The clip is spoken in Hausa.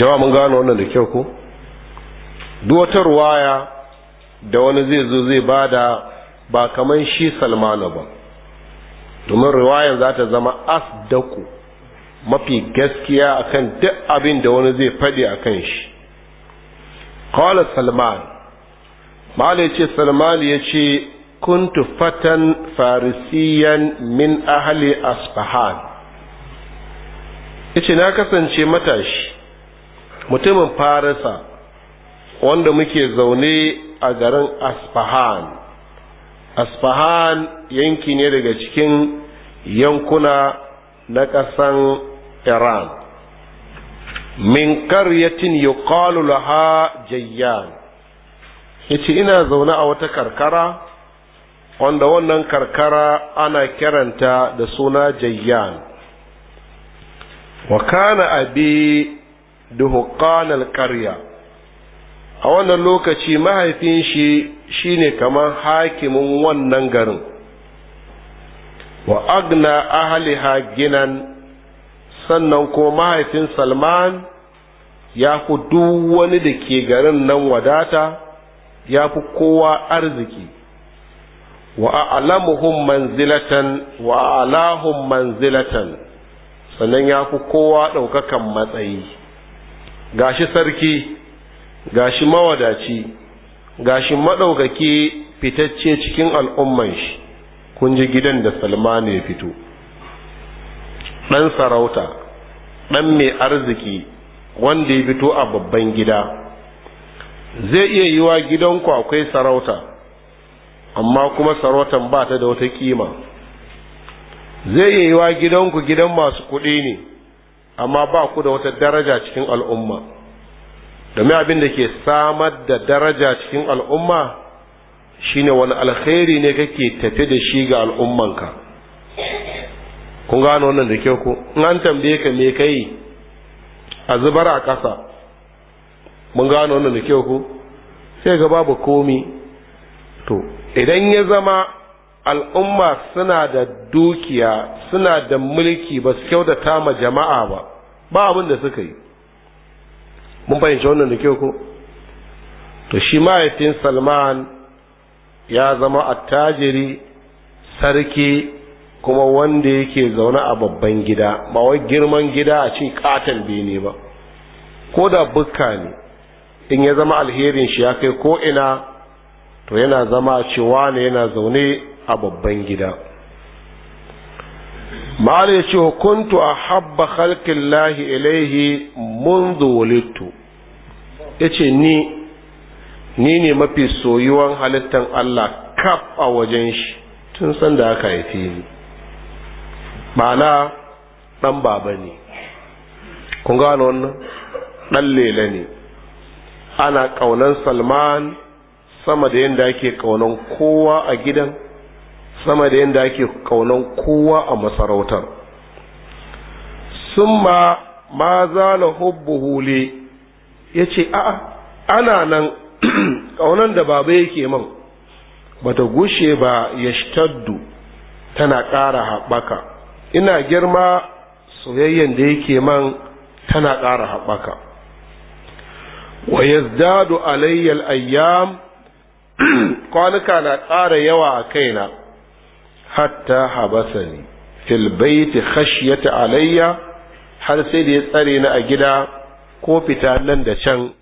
jama'a mun gano wannan da kyau ko duk wata ruwaya da wani zai zo zai bada ba kaman shi salmanu ba domin ruwayan za ta zama asdaku mafi gaskiya akan duk abin da wani zai faɗi kan shi qala salman ya ce salman ya ce kuntu fatan farisiyan min ahali asfahan yace na kasance matashi mutumin farisa wanda muke zaune a garin asfahan asfahan yanki ne daga cikin yankuna na ƙasan iran min karyatin yuqalu laha jayyan yace ina zaune a wata karkara wanda wannan karkara ana kiranta da suna jayyan wa kana abi duhuqanal karya. a wannan lokaci mahaifin shi shine kamar hakimin wannan garin wa agna ahliha ginan sannan ko mahaifin salman ya fi duk wani da ke garin nan wadata ya fi kowa arziki wa a'lamuhum manzilatan wa a'lahum manzilatan sannan ya fi kowa ɗaukakan matsayi gashi sarki gashi mawadaci gashi maɗaukaki fitacce cikin al'umman shi kun ji gidan da salmanu ya fito ɗan sarauta ɗan mai arziki wanda ya fito a babban gida zai iya yi yiwa gidanku akwai sarauta amma kuma sarautan ba ta da wata kima zai iya yiwa gidanku gidan masu kuɗi ne amma ba ku da wata daraja cikin al'umma domin abin da ke samar da daraja cikin al'umma shine wani alkhairi ne kake tafi da shi ga al'ummanka kun gano wannan da kyau ku? in an tambaye ka me kai a zubar a ƙasa mun gano wannan da kyau ku? sai ga babu komi to idan ya zama al'umma suna da dukiya suna da mulki ba su kyautata ma jama'a ba ba abin da suka yi mun fahimci wannan da kyau ko to shi mahaifin salman ya zama attajiri sarki kuma wanda yake zaune a babban gida ba wai girman gida a cikin katon bene ba ko da bukka ne in ya zama alherin shi ya kai ko ina to yana zama cewa ne yana zaune a babban gida ma'ala ya ce hukuntu a habba halkin lahi ilaihi mundu walittu ya ce ni ni ne mafi soyuwan halittar Allah kaf a wajen shi tun san da aka haife ni ma'ana ɗan baba ne kun gano wannan ɗan lela ne ana ƙaunan salman sama da yadda ake ƙaunar kowa a gidan sama da yadda ake kaunan kowa a masarautar sun ma hubbu hule ya ce a ana nan kaunan da baba yake min bata gushe ba ya shtaddu tana ƙara haɓaka ina girma soyayyen da yake man tana ƙara haɓaka wa yazdadu alayyal ayyam kwanuka na ƙara yawa a kaina hatta habasani fil baiti khashyata alayya har sai da ya tsare ni a gida ko fita nan da can